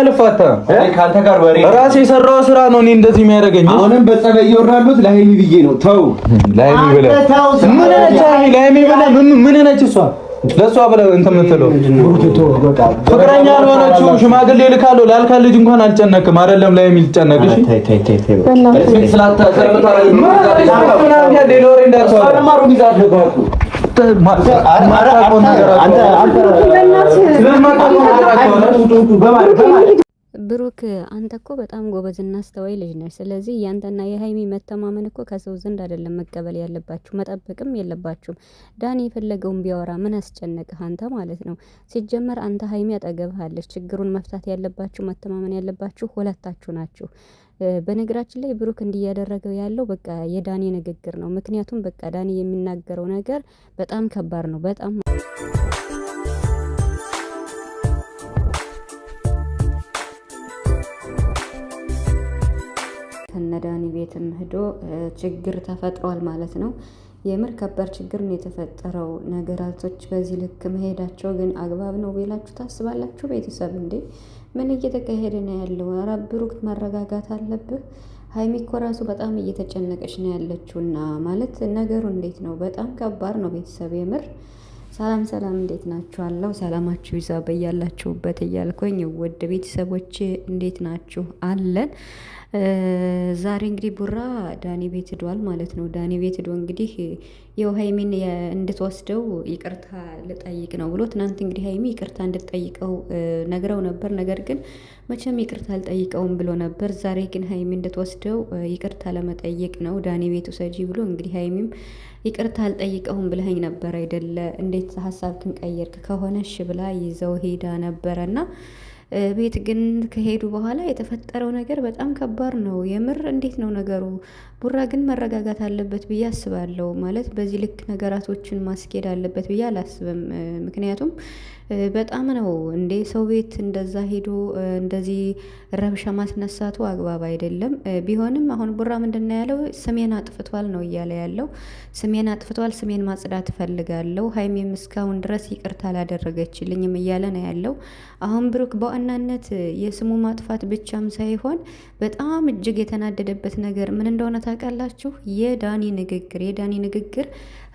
አልፋታም ራሴ የሰራው ስራ ነው። እኔ እንደዚህ የሚያደርገኝ አሁንም በጸበይ እየወራሉት ለሀይሚ ብዬ ነው። ተው ለሀይሚ ብለህ ምን ነች እሷ? ለእሷ ብለህ እንትን የምትለው ፍቅረኛ አልሆነችው ሽማግሌ ልካለሁ ላልካት ልጅ እንኳን አልጨነቅም። አይደለም ለሀይሚ ልጨነቅ እሺ አንተ ብሩክ አንተ እኮ በጣም ጎበዝና አስተዋይ ልጅ ነሽ። ስለዚህ ያንተና የሀይሚ መተማመን እኮ ከሰው ዘንድ አይደለም መቀበል ያለባችሁ፣ መጠበቅም የለባችሁም። ዳኒ የፈለገውን ቢያወራ ምን አስጨነቅህ አንተ ማለት ነው። ሲጀመር አንተ ሀይሚ አጠገብሃለች። ችግሩን መፍታት ያለባችሁ መተማመን ያለባችሁ ሁለታችሁ ናችሁ። በነገራችን ላይ ብሩክ እንዲያደረገው ያለው በቃ የዳኒ ንግግር ነው። ምክንያቱም በቃ ዳኒ የሚናገረው ነገር በጣም ከባድ ነው። በጣም መድኃኒ ቤትም ሂዶ ችግር ተፈጥሯል ማለት ነው። የምር ከባድ ችግር ነው የተፈጠረው። ነገራቶች በዚህ ልክ መሄዳቸው ግን አግባብ ነው ብላችሁ ታስባላችሁ? ቤተሰብ እንዴ ምን እየተካሄደ ነው ያለው? ኧረ ብሩክ መረጋጋት አለብህ። ሀይሚ እኮ ራሱ በጣም እየተጨነቀች ነው ያለችው እና ማለት ነገሩ እንዴት ነው? በጣም ከባድ ነው ቤተሰብ የምር። ሰላም ሰላም፣ እንዴት ናችሁ? አለው ሰላማችሁ ይዛ በያላችሁበት እያልኩኝ ውድ ቤተሰቦቼ እንዴት ናችሁ? አለን ዛሬ እንግዲህ ቡራ ዳኒ ቤት ሄዷል ማለት ነው። ዳኒ ቤት ሄዶ እንግዲህ ያው ሀይሚን እንድትወስደው ይቅርታ ልጠይቅ ነው ብሎ ትናንት እንግዲህ ሀይሚ ይቅርታ እንድትጠይቀው ነግረው ነበር። ነገር ግን መቼም ይቅርታ አልጠይቀውም ብሎ ነበር። ዛሬ ግን ሀይሚ እንድትወስደው ይቅርታ ለመጠየቅ ነው ዳኒ ቤት ውሰጂ ብሎ እንግዲህ ሀይሚም ይቅርታ አልጠይቀውም ብለኸኝ ነበር አይደለ? እንዴት ሀሳብ ክንቀየርክ ከሆነ እሺ ብላ ይዘው ሄዳ ነበረና ቤት ግን ከሄዱ በኋላ የተፈጠረው ነገር በጣም ከባድ ነው። የምር እንዴት ነው ነገሩ? ቡራ ግን መረጋጋት አለበት ብዬ አስባለሁ። ማለት በዚህ ልክ ነገራቶችን ማስኬድ አለበት ብዬ አላስብም። ምክንያቱም በጣም ነው እንዴ ሰው ቤት እንደዛ ሄዶ እንደዚህ ረብሻ ማስነሳቱ አግባብ አይደለም። ቢሆንም አሁን ቡራ ምንድን ነው ያለው? ስሜን አጥፍቷል ነው እያለ ያለው። ስሜን አጥፍቷል፣ ስሜን ማጽዳት እፈልጋለሁ፣ ሀይሜም እስካሁን ድረስ ይቅርታ አላደረገችልኝም እያለ ነው ያለው። አሁን ብሩክ በ በዋናነት የስሙ ማጥፋት ብቻም ሳይሆን በጣም እጅግ የተናደደበት ነገር ምን እንደሆነ ታውቃላችሁ? የዳኒ ንግግር የዳኒ ንግግር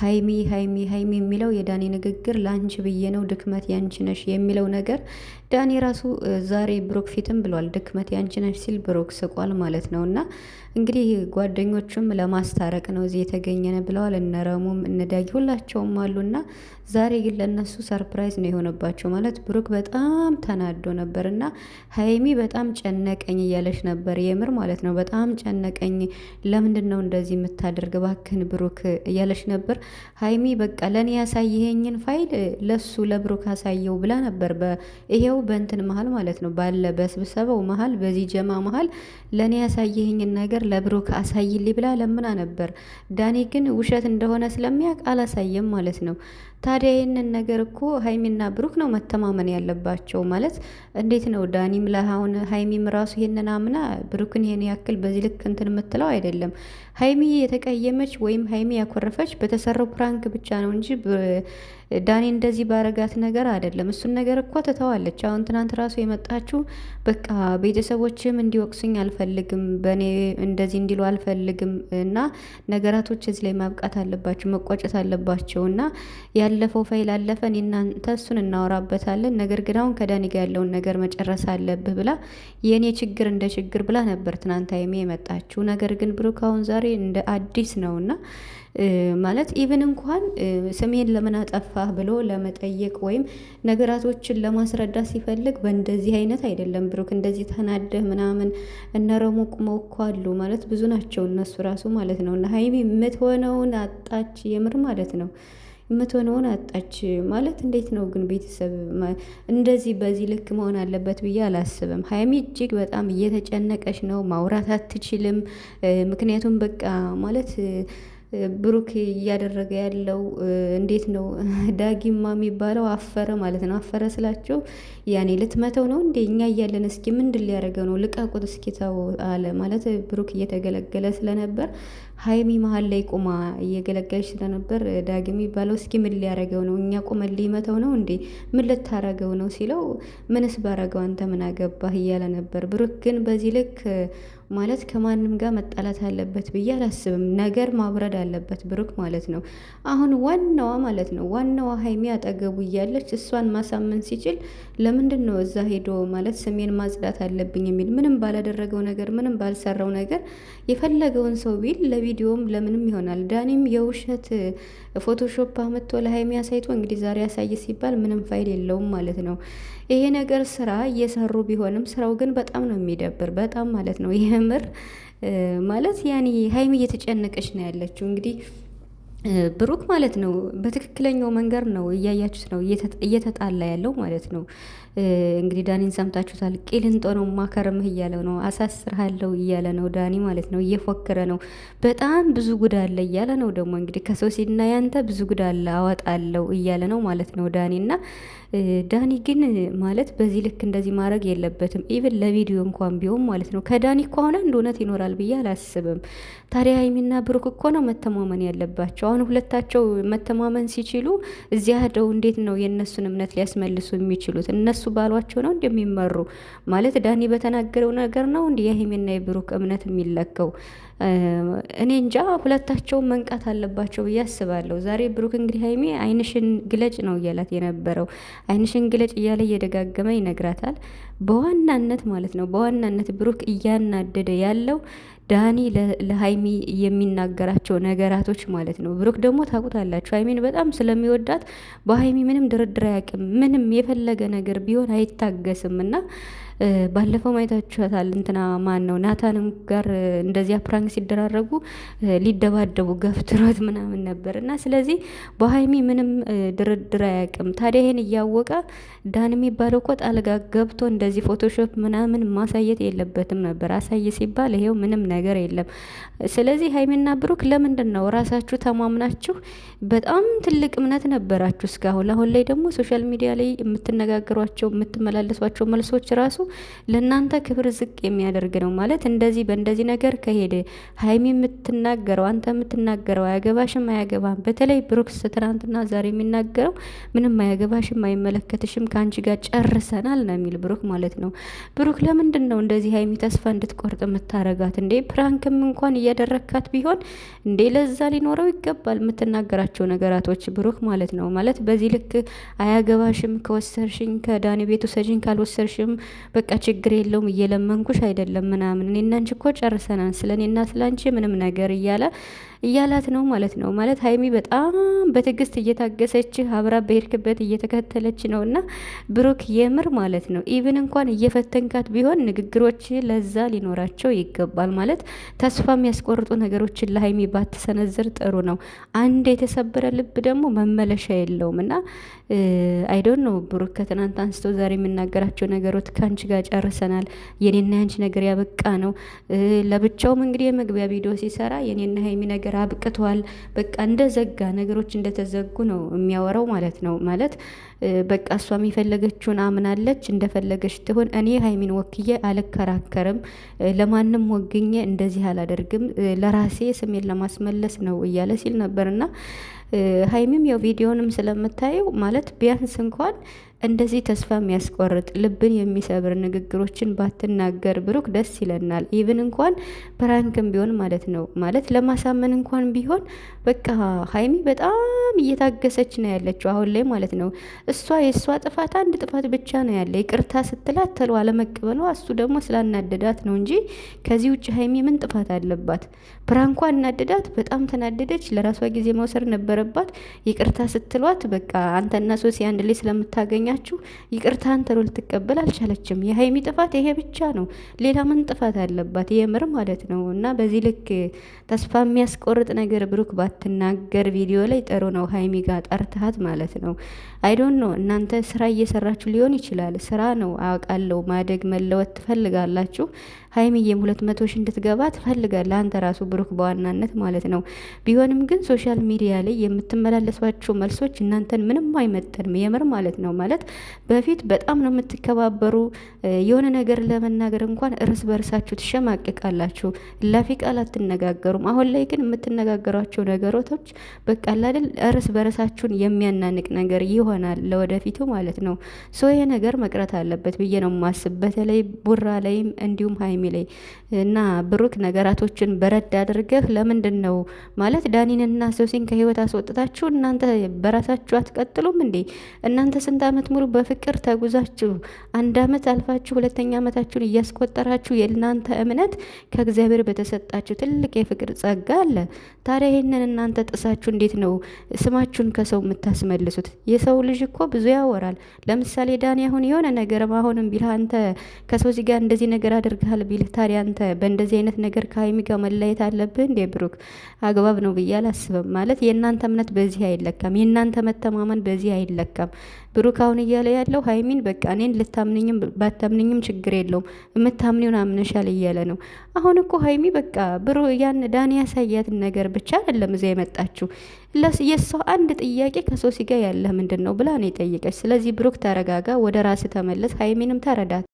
ሀይሚ ሀይሚ ሀይሚ የሚለው የዳኒ ንግግር ላንች ብዬ ነው ድክመት ያንቺ ነሽ የሚለው ነገር ዳኒ ራሱ ዛሬ ብሩክ ፊትም ብሏል። ድክመት ያንቺ ነሽ ሲል ብሩክ ስቋል ማለት ነው። እና እንግዲህ ጓደኞቹም ለማስታረቅ ነው እዚህ የተገኘነ ብለዋል። እነረሙም እነዳጊ ሁላቸውም አሉና ዛሬ ግን ለእነሱ ሰርፕራይዝ ነው የሆነባቸው ማለት ብሩክ በጣም ተናዶ ነበር እና ሀይሚ በጣም ጨነቀኝ እያለች ነበር የምር ማለት ነው። በጣም ጨነቀኝ፣ ለምንድን ነው እንደዚህ የምታደርግ? እባክህን ብሩክ እያለች ነበር ሀይሚ በቃ ለእኔ ያሳይኸኝን ፋይል ለሱ ለብሩክ አሳየው ብላ ነበር። ይሄው በእንትን መሀል ማለት ነው ባለ በስብሰባው መሀል በዚህ ጀማ መሀል ለእኔ ያሳይኸኝን ነገር ለብሩክ አሳይልኝ ብላ ለምና ነበር። ዳኒ ግን ውሸት እንደሆነ ስለሚያውቅ አላሳየም ማለት ነው። ታዲያ ይህንን ነገር እኮ ሀይሚና ብሩክ ነው መተማመን ያለባቸው። ማለት እንዴት ነው ዳኒም ለአሁን ሀይሚም ራሱ ይህንን አምና ብሩክን ይህን ያክል በዚህ ልክ እንትን የምትለው አይደለም። ሀይሚ የተቀየመች ወይም ሀይሚ ያኮረፈች በተሰራው ፕራንክ ብቻ ነው እንጂ ዳኒ እንደዚህ ባረጋት ነገር አይደለም። እሱን ነገር እኮ ትተዋለች። አሁን ትናንት ራሱ የመጣችው በቃ ቤተሰቦችም እንዲወቅሱኝ አልፈልግም፣ በእኔ እንደዚህ እንዲሉ አልፈልግም እና ነገራቶች እዚህ ላይ ማብቃት አለባቸው፣ መቋጨት አለባቸው እና ያለፈው ፋይል አለፈ፣ እኔ እናንተ እሱን እናወራበታለን፣ ነገር ግን አሁን ከዳኒ ጋር ያለውን ነገር መጨረስ አለብህ ብላ የእኔ ችግር እንደ ችግር ብላ ነበር ትናንት አይሜ የመጣችው ነገር ግን ብሩክ አሁን ዛሬ እንደ አዲስ ነውና ማለት ኢቨን እንኳን ስሜን ለምን አጠፋህ ብሎ ለመጠየቅ ወይም ነገራቶችን ለማስረዳት ሲፈልግ በእንደዚህ አይነት አይደለም። ብሩክ እንደዚህ ተናደህ ምናምን እነረሙቅ መኳሉ ማለት ብዙ ናቸው እነሱ ራሱ ማለት ነው። እና ሀይሚ የምትሆነውን አጣች፣ የምር ማለት ነው የምትሆነውን አጣች ማለት እንዴት ነው ግን? ቤተሰብ እንደዚህ በዚህ ልክ መሆን አለበት ብዬ አላስብም። ሀይሚ እጅግ በጣም እየተጨነቀች ነው። ማውራት አትችልም። ምክንያቱም በቃ ማለት ብሩክ እያደረገ ያለው እንዴት ነው? ዳጊማ የሚባለው አፈረ ማለት ነው። አፈረ ስላቸው ያኔ ልትመተው ነው እንዴ? እኛ እያለን እስኪ ምንድን ሊያደርገው ነው? ልቀቁት እስኪ ተው አለ ማለት ብሩክ እየተገለገለ ስለነበር ሀይሚ መሀል ላይ ቁማ እየገለገለች ስለነበር ዳግ የሚባለው እስኪ ምን ሊያደርገው ነው? እኛ ቁመን ሊመተው ነው እንዴ? ምን ልታረገው ነው ሲለው ምንስ ባረገው አንተ ምን አገባህ እያለ ነበር። ብሩክ ግን በዚህ ልክ ማለት ከማንም ጋር መጣላት አለበት ብዬ አላስብም። ነገር ማብረድ አለበት ብሩክ ማለት ነው። አሁን ዋናዋ ማለት ነው ዋናዋ ሀይሚ አጠገቡ እያለች እሷን ማሳመን ሲችል ለምንድን ነው እዛ ሄዶ ማለት ስሜን ማጽዳት አለብኝ የሚል ምንም ባላደረገው ነገር ምንም ባልሰራው ነገር የፈለገውን ሰው ቢል ለቪዲዮም ለምንም ይሆናል። ዳኒም የውሸት ፎቶሾፕ አመጥቶ ለሀይሚ አሳይቶ እንግዲህ ዛሬ ያሳይ ሲባል ምንም ፋይል የለውም ማለት ነው። ይሄ ነገር ስራ እየሰሩ ቢሆንም ስራው ግን በጣም ነው የሚደብር፣ በጣም ማለት ነው የምር ማለት ያኔ ሀይሚ እየተጨነቀች ነው ያለችው እንግዲህ ብሩክ ማለት ነው በትክክለኛው መንገድ ነው እያያችሁት ነው እየተጣላ ያለው ማለት ነው። እንግዲህ ዳኒን ሰምታችሁታል። ቂልንጦ ነው ማከርምህ እያለው ነው፣ አሳስርሃለው እያለ ነው ዳኒ ማለት ነው። እየፎከረ ነው። በጣም ብዙ ጉድ አለ እያለ ነው። ደግሞ እንግዲህ ከሶሲና ያንተ ብዙ ጉድ አለ አወጣለው እያለ ነው ማለት ነው ዳኒ እና ዳኒ ግን ማለት በዚህ ልክ እንደዚህ ማድረግ የለበትም። ኢቭን ለቪዲዮ እንኳን ቢሆን ማለት ነው ከዳኒ ከሆነ አንድ እውነት ይኖራል ብዬ አላስብም። ታዲያ ሀይሚና ብሩክ እኮ ነው መተማመን ያለባቸው አሁን ሁለታቸው መተማመን ሲችሉ እዚያ ሄደው እንዴት ነው የእነሱን እምነት ሊያስመልሱ የሚችሉት? እነሱ ባሏቸው ነው እንደሚመሩ ማለት ዳኒ በተናገረው ነገር ነው እንዲህ የሀይሚና የብሩክ እምነት የሚለከው። እኔ እንጃ ሁለታቸውም መንቃት አለባቸው ብዬ አስባለሁ። ዛሬ ብሩክ እንግዲህ ሀይሜ አይንሽን ግለጭ ነው እያላት የነበረው አይንሽን ግለጭ እያለ እየደጋገመ ይነግራታል። በዋናነት ማለት ነው በዋናነት ብሩክ እያናደደ ያለው ዳኒ ለሀይሚ የሚናገራቸው ነገራቶች ማለት ነው። ብሩክ ደግሞ ታውቁታላችሁ ሀይሚን በጣም ስለሚወዳት በሀይሚ ምንም ድርድር አያውቅም። ምንም የፈለገ ነገር ቢሆን አይታገስም እና ባለፈው ማየታችኋታል። እንትና ማን ነው ናታንም ጋር እንደዚያ ፕራንክ ሲደራረጉ ሊደባደቡ ገፍትሮት ምናምን ነበር እና ስለዚህ በሀይሚ ምንም ድርድር አያውቅም። ታዲያ ይሄን እያወቀ ዳን የሚባለው እኮ ጣልጋ ገብቶ እንደዚህ ፎቶሾፕ ምናምን ማሳየት የለበትም ነበር። አሳይ ሲባል ይሄው ምንም ነገር የለም። ስለዚህ ሀይሚና ብሩክ ለምንድን ነው ራሳችሁ ተማምናችሁ በጣም ትልቅ እምነት ነበራችሁ እስካሁን። አሁን ላይ ደግሞ ሶሻል ሚዲያ ላይ የምትነጋገሯቸው የምትመላለሷቸው መልሶች ራሱ ለእናንተ ክብር ዝቅ የሚያደርግ ነው ማለት እንደዚህ በእንደዚህ ነገር ከሄደ ሀይሚ የምትናገረው አንተ የምትናገረው አያገባሽም፣ አያገባም። በተለይ ብሩክስ ትናንትና ዛሬ የሚናገረው ምንም አያገባሽም፣ አይመለከትሽም፣ ከአንቺ ጋር ጨርሰናል ነው የሚል ብሩክ ማለት ነው። ብሩክ ለምንድን ነው እንደዚህ ሀይሚ ተስፋ እንድትቆርጥ የምታረጋት እንዴ? ፕራንክም እንኳን እያደረካት ቢሆን እንዴ ለዛ ሊኖረው ይገባል የምትናገራቸው ነገራቶች ብሩክ ማለት ነው። ማለት በዚህ ልክ አያገባሽም፣ ከወሰርሽኝ ከዳኒ ቤት ውሰጅኝ፣ ካልወሰርሽም በቃ ችግር የለውም እየለመንኩሽ አይደለም ምናምን እኔና አንቺ እኮ ጨርሰናል ስለ እኔና ስለ አንቺ ምንም ነገር እያለ እያላት ነው ማለት ነው። ማለት ሀይሚ በጣም በትዕግስት እየታገሰች አብራ በሄድክበት እየተከተለች ነው እና ብሩክ የምር ማለት ነው ኢቭን እንኳን እየፈተንካት ቢሆን ንግግሮች ለዛ ሊኖራቸው ይገባል። ማለት ተስፋ የሚያስቆርጡ ነገሮችን ለሀይሚ ባትሰነዝር ጥሩ ነው። አንድ የተሰበረ ልብ ደግሞ መመለሻ የለውም እና አይዶን ነው ብሩክ ከትናንት አንስቶ ዛሬ የምናገራቸው ነገሮች ከአንቺ ጋር ጨርሰናል፣ የኔና ያንቺ ነገር ያበቃ ነው። ለብቻውም እንግዲህ የመግቢያ ቪዲዮ ሲሰራ የኔና ሀይሚ ነገር ነገር አብቅቷል፣ በቃ እንደዘጋ ነገሮች እንደተዘጉ ነው የሚያወራው ማለት ነው። ማለት በቃ እሷም የፈለገችውን አምናለች፣ እንደፈለገች ትሆን። እኔ ሀይሚን ወክዬ አልከራከርም፣ ለማንም ወግኜ እንደዚህ አላደርግም፣ ለራሴ ስሜን ለማስመለስ ነው እያለ ሲል ነበርና ሀይሚም ያው ቪዲዮንም ስለምታየው ማለት ቢያንስ እንኳን እንደዚህ ተስፋ የሚያስቆርጥ ልብን የሚሰብር ንግግሮችን ባትናገር ብሩክ ደስ ይለናል። ኢቭን እንኳን ፕራንክም ቢሆን ማለት ነው ማለት ለማሳመን እንኳን ቢሆን በቃ ሀይሚ በጣም እየታገሰች ነው ያለችው አሁን ላይ ማለት ነው። እሷ የእሷ ጥፋት አንድ ጥፋት ብቻ ነው ያለ ይቅርታ ስትላት ተሎ አለመቀበሏ፣ እሱ ደግሞ ስላናደዳት ነው እንጂ ከዚህ ውጭ ሀይሚ ምን ጥፋት አለባት? ፕራንኳ አናደዳት፣ በጣም ተናደደች። ለራሷ ጊዜ መውሰድ ነበረባት። ይቅርታ ስትሏት በቃ አንተና ሶሲ አንድ ላይ ስለምታገኛችሁ ይቅርታን ተሎ ልትቀበል አልቻለችም። የሀይሚ ጥፋት ይሄ ብቻ ነው። ሌላ ምን ጥፋት አለባት? የምር ማለት ነው። እና በዚህ ልክ ተስፋ የሚያስቆርጥ ነገር ብሩክ ባት ባትናገር ቪዲዮ ላይ ጥሩ ነው። ሀይሚ ጋር ጠርትሃት ማለት ነው። አይዶን ነው እናንተ ስራ እየሰራችሁ ሊሆን ይችላል። ስራ ነው አውቃለሁ። ማደግ መለወጥ ትፈልጋላችሁ። ሀይሚዬም ሁለት መቶ ሺ እንድትገባ ትፈልጋለህ አንተ ራሱ ብሩክ በዋናነት ማለት ነው። ቢሆንም ግን ሶሻል ሚዲያ ላይ የምትመላለሷቸው መልሶች እናንተን ምንም አይመጠንም የምር ማለት ነው። ማለት በፊት በጣም ነው የምትከባበሩ የሆነ ነገር ለመናገር እንኳን እርስ በርሳችሁ ትሸማቅቃላችሁ። ላፊ ቃል አትነጋገሩም። አሁን ላይ ግን የምትነጋገሯቸው ነገሮቶች በቃ እርስ በርሳችሁን የሚያናንቅ ነገር ይሆናል ለወደፊቱ ማለት ነው። ሶ ይሄ ነገር መቅረት አለበት ብዬ ነው ማስብ በተለይ ቡራ ላይም እንዲሁም ሀይ የሚለኝ እና ብሩክ ነገራቶችን በረድ አድርገህ ለምንድን ነው ማለት ዳኒንና ሶሲን ከህይወት አስወጥታችሁ እናንተ በራሳችሁ አትቀጥሉም እንዴ? እናንተ ስንት አመት ሙሉ በፍቅር ተጉዛችሁ አንድ አመት አልፋችሁ ሁለተኛ አመታችሁን እያስቆጠራችሁ የእናንተ እምነት ከእግዚአብሔር በተሰጣችሁ ትልቅ የፍቅር ጸጋ አለ። ታዲያ ይህንን እናንተ ጥሳችሁ እንዴት ነው ስማችሁን ከሰው የምታስመልሱት? የሰው ልጅ እኮ ብዙ ያወራል። ለምሳሌ ዳኒ አሁን የሆነ ነገር አሁንም ቢልህ አንተ ጋር እንደዚህ ነገር አድርገሃል ቢልህ ታዲያ አንተ በእንደዚህ አይነት ነገር ከሀይሚ ጋር መለየት አለብህ እንዴ? ብሩክ አግባብ ነው ብዬ አላስብም። ማለት የእናንተ እምነት በዚህ አይለካም፣ የእናንተ መተማመን በዚህ አይለካም። ብሩክ አሁን እያለ ያለው ሀይሚን በቃ እኔን ልታምንኝም ባታምንኝም ችግር የለውም የምታምኒውን አምነሻል እያለ ነው። አሁን እኮ ሀይሚ በቃ ብሩ ያን ዳኒ ያሳያትን ነገር ብቻ አይደለም እዚያ የመጣችው የእሷ አንድ ጥያቄ ከሶሲ ጋር ያለህ ምንድን ነው ብላ ነው የጠየቀች። ስለዚህ ብሩክ ተረጋጋ፣ ወደ ራስ ተመለስ፣ ሀይሚንም ተረዳት።